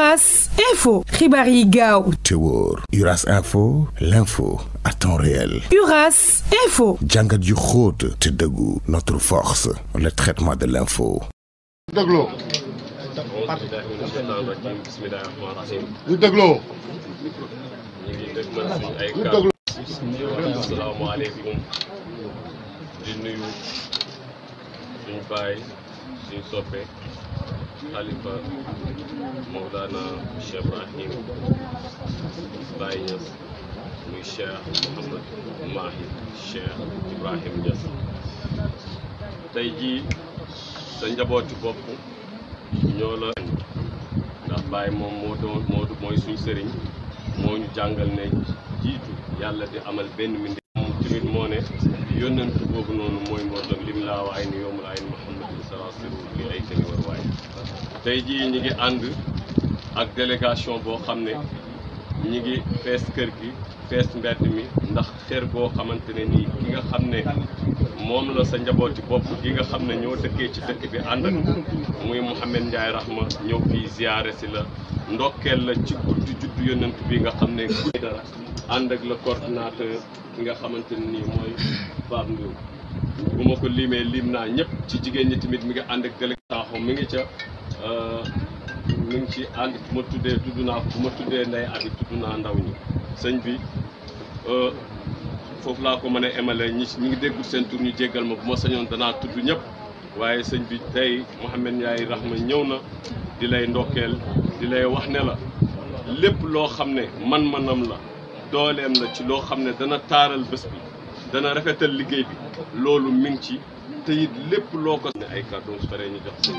Uras Info Ribari Gao. Info l'info à temps réel Uras Info du notre force le traitement de l'info xalifa Mawlana Cheikh Ibrahim Baye Niass muy Cheikh Mouhamad Mahi Cheikh Ibrahim Niass tey jii sa njabootu bopp ñoo la ndax Baye moom moo doon moo suñ sëriñ moo ñu jàngal ne jiitu yàlla di amal benn mbind Mouride moo ne yónnent boobu noonu mooy moo doon lim laa waay ni yoomul ay Muhammadin salaasiru bi ay tani war waay tey jii ñi ngi ànd ak délégation boo xam ne ñi ngi fees kër gi fees mbedd mi ndax xër boo xamante ne nii ki nga xam ne moom la sa njaboot ci bopp gi nga xam ne ñoo dëkkee ci dëkk bi ànd ak muy Mouhamed Ndiaye Rahma ñëw fii ziyaare si la ndokkeel la ci guddi juddu yonent bi nga xam ne guddi dara ànd ak le coordonnateur ki nga xamante ne nii mooy Pape Ndour bu ma ko limee lim naa ñëpp ci jigéen ñi tamit mi ngi ànd ak délégué mi ngi ca ñu ngi ci ànd bu ma tuddee tudd naa bu ma tuddee ndey abi tudd naa ndaw ñi sëñ bi euh, foofu laa ko mën a émale ñi ñi ngi déggul seen tur ñu jéggal ma bu ma sañoon danaa tudd ñëpp waaye sëñ bi tey Mouhamed Ndiaye Rahma ñëw na di lay ndokkeel di lay wax ne la lépp loo xam ne man-manam la dooleem la ci loo xam ne dana taaral bés bi dana rafetal liggéey bi loolu mi ngi ci te lépp loo ko ne ay kàddu su paree ñu jox sëñ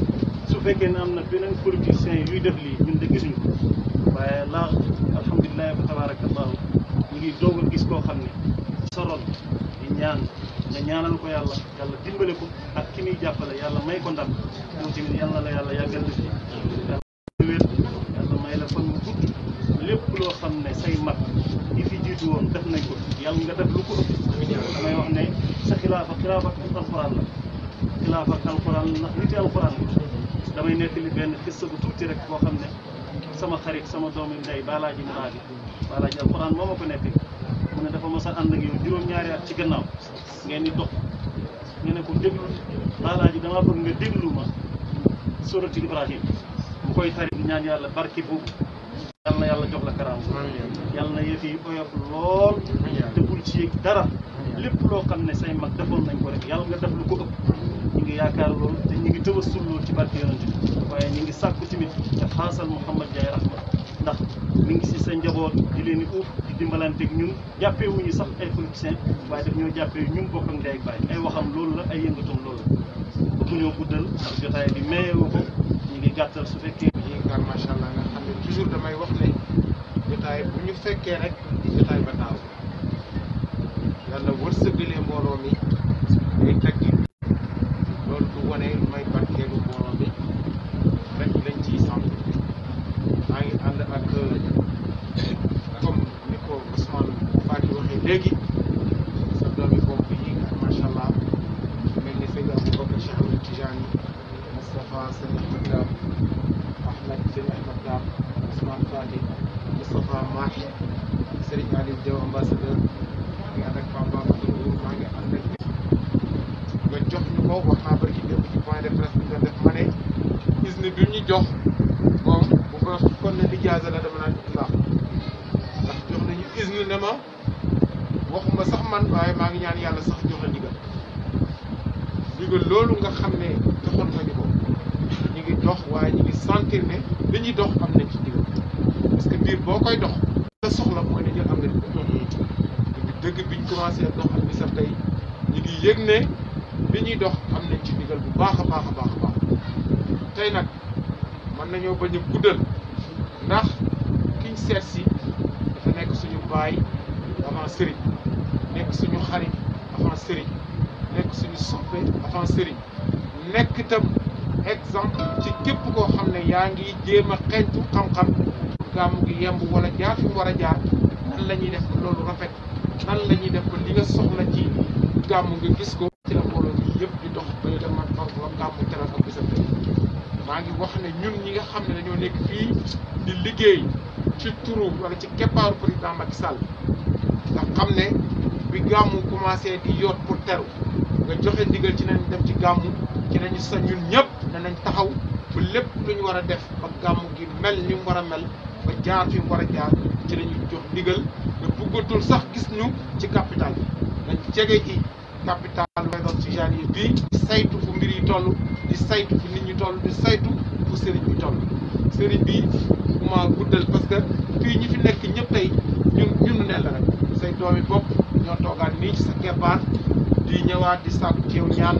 su fekkee ne am na beneen politicien yuy def lii ñun de gisuñ ko waaye laa alhamdulilahi wa tabaraka allahu ngi doog a gis koo xam ne soroon di ñaan nga ñaanal ko yàlla yàlla dimbale ko ak ki muy jàppale yàlla may ko ndam moom tamit yàlla la yàlla yàggal na fi wér yàlla may la fan mu gudd lépp loo xam ne say mag yi fi jiitu woon nañ ko yàlla nga def lu ko ëpp damay wax ne sa xilaafa xilaafa ak alxuraan la xilaafa ak alxuraan la ndax nit alxuraan la damay nekk li benn xissa bu tuuti rek boo xam ne sama xarit sama doomi ndey Balaaji Muraadi Balaaji alxuraan moo ma ko nekk mu ne dafa mos a ànd ak yow juróom-ñaari at ci gannaaw ngeen di dox nga ne ko déglu Balaaji damaa bëgg nga ma surati Ibrahim mu koy xarit ñaan yàlla barki boobu yàlla na yàlla jox la karaam yàlla na yëf yi oyof lool te bul ci yëg dara lépp loo xam ne say mag defoon nañ ko rek yàlla nga def lu ko ëpp ñu ngi yaakaar loolu te ñu ngi tëwassul loolu ci barke yonent bi waaye ñu ngi sàkku tamit te xaasal Mouhamad Ndiaye rahma ndax mu ngi si sa njaboot di leen di uuf di dimbalante ak ñun jàppee wu ñu sax ay politiciens waaye daf ñoo jàppee ñun bokk ak ndey ak baay ay waxam loolu la ay yëngatoom loolu la bëgg ñoo guddal ndax jotaay bi mayewu ko ñu ngi gàttal su fekkee. ñu ngi gàtt allah nga xam ne toujours damay wax ne jotaay bu ñu fekkee rek jotaay ba taaw mbooloo wane lu may barkeelu borom bi rek lañ ciy sant maa ngi ànd ak comme ni ko Ousmane Fadi waxee léegi sa doomi bopp yi macha allah mel ni sëñ Aboubacar Cheikh Ahmed Tijani Moustapha sëñ Ahmed Dam Ahmed sëñ Ahmed Dam Ousmane Fadi Moustapha Mahi Serigne Aliou Diaw ambassadeur maa ngi ànd ak Papa Abdou maa ngi ànd ak nga jox ñu ko wax naa bëri point de presse bi doon def ma ne isne bi ñu jox moom bu ko kon ne lijaasa la dama naan ndax ndax jox nañu isne ne ma waxuma sax man waaye maa ngi ñaan yàlla sax jox la ndigal loolu nga xam ne joxoon nañu ko ñu ngi dox waaye ñu ngi sentir ne li ñuy dox am nañ ci ndigal parce que mbir boo koy dox la soxla mooy ne jël am na ndigal mm-hmm. dëgg biñ commencé dox ak bisam tey ñu ngi yëg ne li dox am nañ ci digal bu baax a baax a baax a baax tey nag mën nañoo bañ a guddal ndax kiñ seet si dafa nekk suñu baay avant sëriñ nekk suñu xarit avant sëriñ nekk suñu soppe avant sëriñ nekk tam exemple ci képp koo xam ne yaa ngi jéem a xam-xam gàmm gi yemb wala jaar fi mu war a jaar nan la ñuy def loolu rafet nan la ñuy def ko li nga soxla ci gàmm nga gis ko maa ngi wax ne ñun ñi nga xam ne dañoo nekk fii di liggéey ci turu wala ci keppaaru président Macky Sall nga xam ne bi gàmmu commencé di yoot pour teru nga joxe ndigal ci nañ def ci gàmmu ci nañu sa ñun ñëpp danañ taxaw ba lépp lu ñu war a def ba gàmmu gi mel ni mu war a mel ba jaar fi mu war a jaar ci lañuy jox ndigal nga bëggatul sax gis ñu ci capital bi nañ jege ci capital Faydal Tijaani bi saytu fu mbir yi toll di saytu fu nit ñi toll di saytu fu sëriñ bi toll sëriñ bi ma guddal parce que fii ñi fi nekk ñëpp tey ñun ñunu ne la rek say doomi bopp ñoo toogaan nii ci sa keppaar di ñëwaat di sàkku ceew ñaan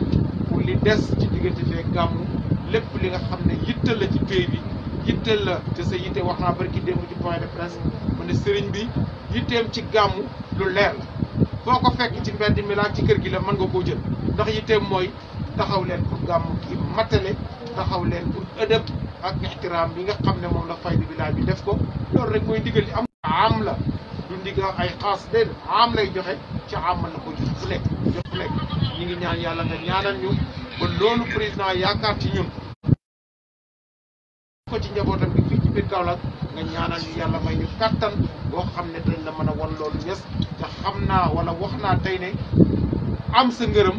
pour li des ci diggante fee gàmm lépp li nga xam ne yittal la ci pays bi yittal la te sa yitte wax naa bari ki démb ci point de presse mu sëriñ bi yitteem ci gàmm lu leer la foo ko fekk ci mbedd mi laa ci kër gi la mën nga koo jël ndax yitteem mooy taxaw leen pour gàmm gi matale taxaw leen pour ëdëb ak ixtiraam bi nga xam ne moom la fayda bi laa bi def ko loolu rek mooy diggal li am am la du ndigal ay xaas leen am lay joxe ci amal la ko jox fu nekk jox ngi ñaan yàlla nga ñaanal ñu ba loolu président yaakaar ci ñun ko ci biir Kaolack nga ñaanal ñu may ñu kàttan boo xam dañ la loolu te wala wax naa ne am sa ngërëm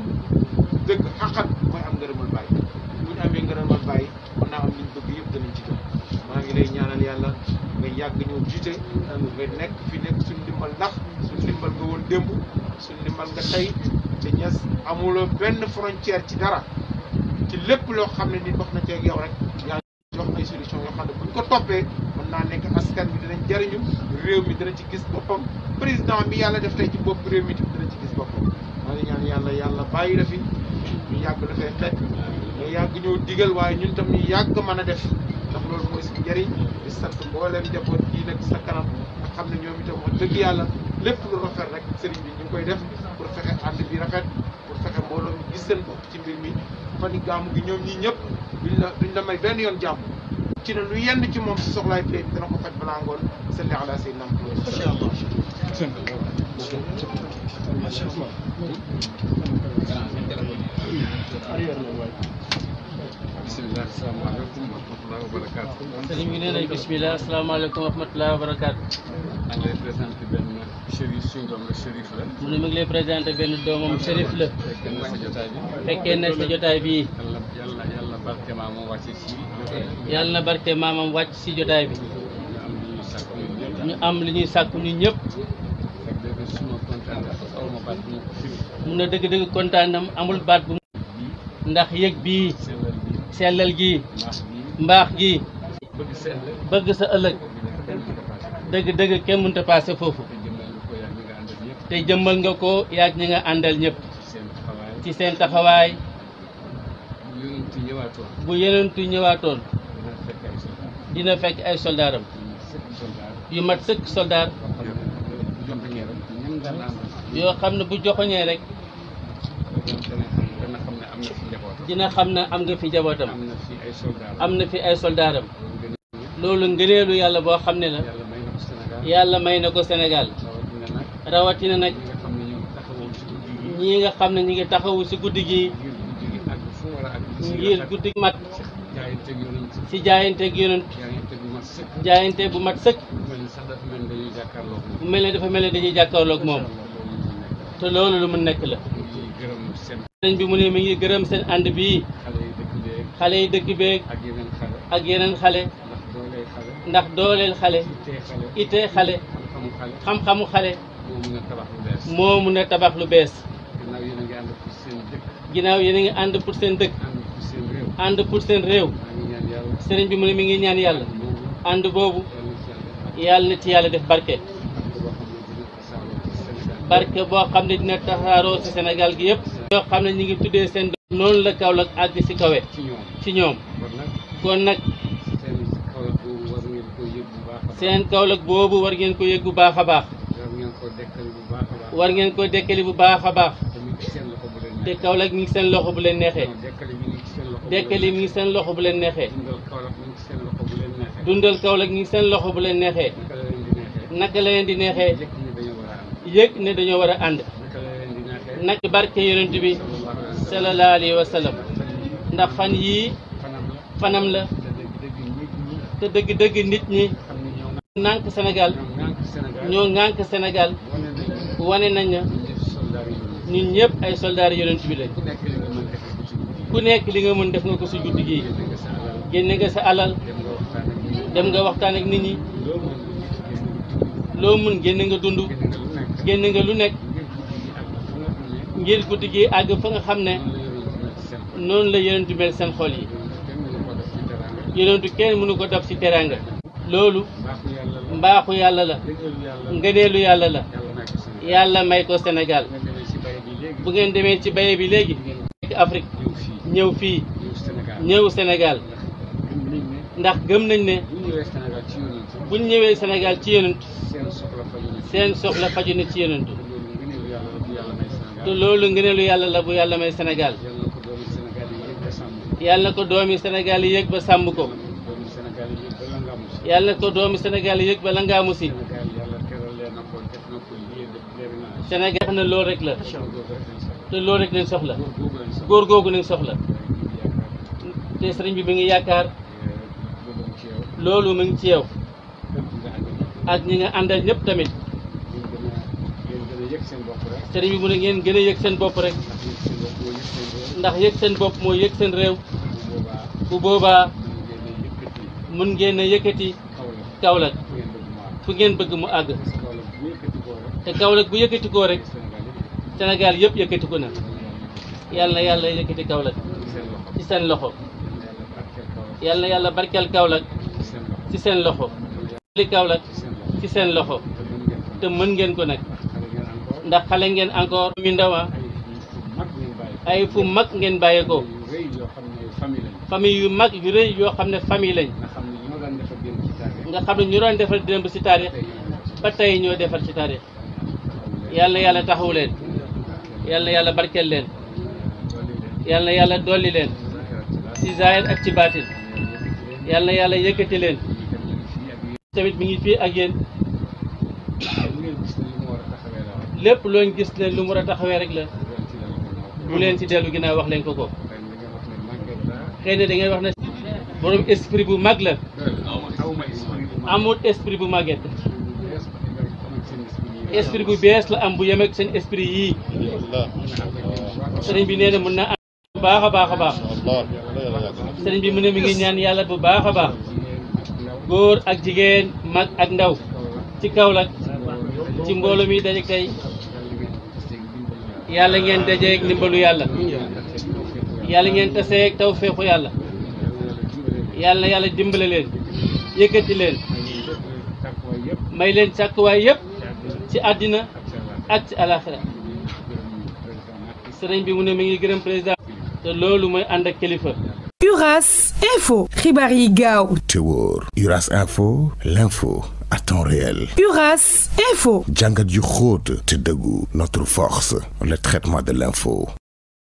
dëgg xaqat mooy am ngërëmal bàyyi bu ñu amee ngërëmal bàyyi mën am liñ bëgg yëpp danañ ci jëm maa ngi lay ñaanal yàlla nga yàgg ñëw jiite nga nekk fi nekk suñ ndimbal ndax suñ ndimbal nga nga te ñes benn frontière ci dara ci nit wax na ci ak yow rek jox ay solution yoo xam ne buñ ko toppee mën naa nekk askan bi dinañ jariñu réew mi dina ci gis boppam président bi yàlla def tey ci bopp réew mi dina gis boppam maa ngi ñaan yàlla yàlla bàyyi la fi ñu yàgg la fee fekk ñu yàgg ñëw digal waaye ñun tam ñu yàgg mën a def ndax loolu mooy suñu njëriñ di sant mbooleem njaboot yi nekk sa kanam nga xam ne ñoom itam wax dëgg yàlla lépp lu rafet rek sëriñ bi ñu koy def pour fexe ànd bi rafet pour fexe mbooloo mi gis seen ko ci mbir mi fan yi gàmm gi ñoom ñii ñëpp duñ la duñ la may benn yoon jàmm ci ne lu yenn ci moom si soxlaay pay dana ko faj balaa ngoon salli ala sayyidina bisimilah asalaamaaleykum wa rahmatulah wa barakaatu. sëriñ bi nee nañ bisimilah asalaamaaleykum wa rahmatulah wa barakaatu. maa ngi lay présenté benn chérif suñu doom la chérif la. mu ne mi ngi lay présenté benn doomam chérif la. fekkee na sa jotaay bi fekkee na sa jotaay bi. maamam wàcc si jotaay bi. yàlla na barke maamam wàcc si jotaay bi. ñu am li ñuy sàkku ñun ñëpp. mun na dëgg-dëgg kontaanam amul baat bu ndax yëg bii sellal gii mbaax gi bëgg sa ëllëg dëgg-dëgg kenn mënta paase foofu te jëmmal nga ko yaag ñi nga àndal ñëpp ci seen taxawaay ñëwaatoon. bu yenentu ñëwaatoon. dina fekk ay soldaaram. yu mat sëkk soldaar. yoo xam ne bu joxoñee rek. dina xam ne am nga fi jabootam. am na fi ay soldaaram. loolu ngëneelu yàlla boo xam ne la. yàlla may na ko Sénégal. rawatina nag. ñi nga xam ne ñi ngi taxawu si guddi gi. ngir guddig mat ci jaayanteeg yonent jaayante bu mat sëkk mu mel ne dafa mel ne dañuy jàkkaarloog moom te loolu lu mu nekk la bi mu ne ngi gërëm seen ànd bii xale yi dëkk beeg ak yeneen xale ndax dooleel xale itee xale xam-xamu xale moo mun a tabax lu bees ginnaaw yéen a ngi ànd pour seen dëkk ànd pour seen réew sëriñ bi mu mi ngi ñaan yàlla ànd boobu yàlla na ci yàlla def barke barke boo xam ne dina tasaaroo ci senegal gi yëpp ñoo xam ne ñu ngi tuddee seen doom noonu la Kaolack àgg ci kawe ci ñoom kon nag seen Kaolack boobu war ngeen ko yëg bu baax a baax war ngeen ko dekkali bu baax baax te Kaolack mi ngi seen loxo bu leen neexee. dekkali mi ngi seen loxo bu leen neexee. dundal Kaolack mi ngi seen loxo bu leen neexee. naka la leen di neexee. yëg ne dañoo war a ànd. nag barke yonent bi sallallahu alayhi wa sallam ndax fan yii fanam la te dëgg-dëgg nit ñi nànk Sénégal ñoo nànk Sénégal wane nañ na ñun ñëpp ay soldaar yonent bi lañ ku nekk li nga mën def nga ko si guddi gii génne nga sa alal dem nga waxtaan ak nit ñi loo mën génn nga dund génne nga lu nekk ngir guddi gii àgg fa nga xam ne noonu la yonent bi mel seen xol yi yonentu kenn mënu ko dab ci teraanga loolu mbaaxu yàlla la ngëneelu yàlla la yàlla may ko Sénégal bu ngeen demee ci baye bi léegi Afrique ñëw fii ñëw senegal ndax gëm nañ ne buñ ñëwee Sénégal ci yonent seen soxla faju na ci yonent te loolu ngëneelu yàlla la bu yàlla may Sénégal yàlla na ko doomi senegal yi yëg ba sàmm ko yàlla na ko doomi senegal yi yëg ba langaamu si Sénégal na loolu rek la loolu rek lañ soxla gor gogu ni soxla te sëriñ bi mi ngi yakkar loolu mi ngi ci yow ak ñi nga andal ñep tamit sëriñ bi mu ne ngeen gëna yek seen bop rek ndax yek seen bop mo yek seen rew bu boba mun ngeen a yëkkati fu ngeen bëgg mu ag te Kaolack bu yëkkati ko rek Sénégal yëpp yëkkati ko na yàlla na yàlla yëkkati Kaolack ci seen loxo yàlla na yàlla barkeel Kaolack ci seen loxo li Kaolack ci seen loxo te mën ngeen ko nag ndax xale ngeen encore mi ndawa ah. ay fu mag ngeen bàyyeekoo famille yu mag yu rëy yoo xam ne famille lañ nga xam ne ñu doon defal démb ci taarix ba tey ñoo defal ci taarix yàlla yàlla taxaw leen yàlla yàlla barkeel leen yàlla yàlla dolli leen ci zahir ak ci baatil yàlla yàlla yëkkati leen tamit mi ngi fii ak yéen lépp looñ gis ne lu mu war a taxawee rek la bu leen ci dellu ginnaaw wax leen ko ko xëy na wax ne borom esprit bu mag la amul esprit bu màgget esprit gu Bes la am bu yemek sen esprit yi serigne bi neena na mën na am bu baakha baakha baax serigne bi mu mi ngi ñaan yalla bu baakha baax goor ak jigen mag ak ndaw ci Kaolack ci mbolo mi daje tey yalla ngeen seik nimbalu yalla yalla ngeen taseeg dimblele. feexu yalla yalla yalla dimbalé len len may ci adina ak ci alaxira serigne bi mu ne mi ngi président te lolu moy and ak kilifa Uras Info xibar yi gaaw te wóor Uras Info l'info à temps réel Uras Info jàngat yu xóot te notre force le traitement de l'info